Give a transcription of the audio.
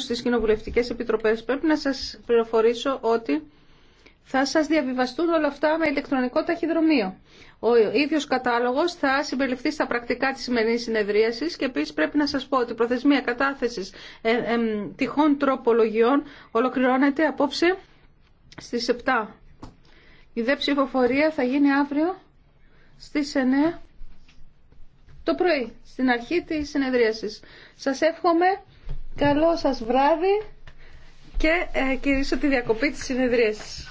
στις κοινοβουλευτικές επιτροπές. Πρέπει να σας πληροφορήσω ότι θα σας διαβιβαστούν όλα αυτά με ηλεκτρονικό ταχυδρομείο. Ο ίδιος κατάλογος θα συμπεριληφθεί στα πρακτικά της σημερινής συνεδρίασης και επίσης πρέπει να σας πω ότι η προθεσμία κατάθεσης ε, ε τυχών τροπολογιών ολοκληρώνεται απόψε στις 7. Η δε ψηφοφορία θα γίνει αύριο στις 9 το πρωί, στην αρχή της συνεδρίασης. Σας εύχομαι Καλό σας βράδυ και ε, τη διακοπή της συνεδρίας.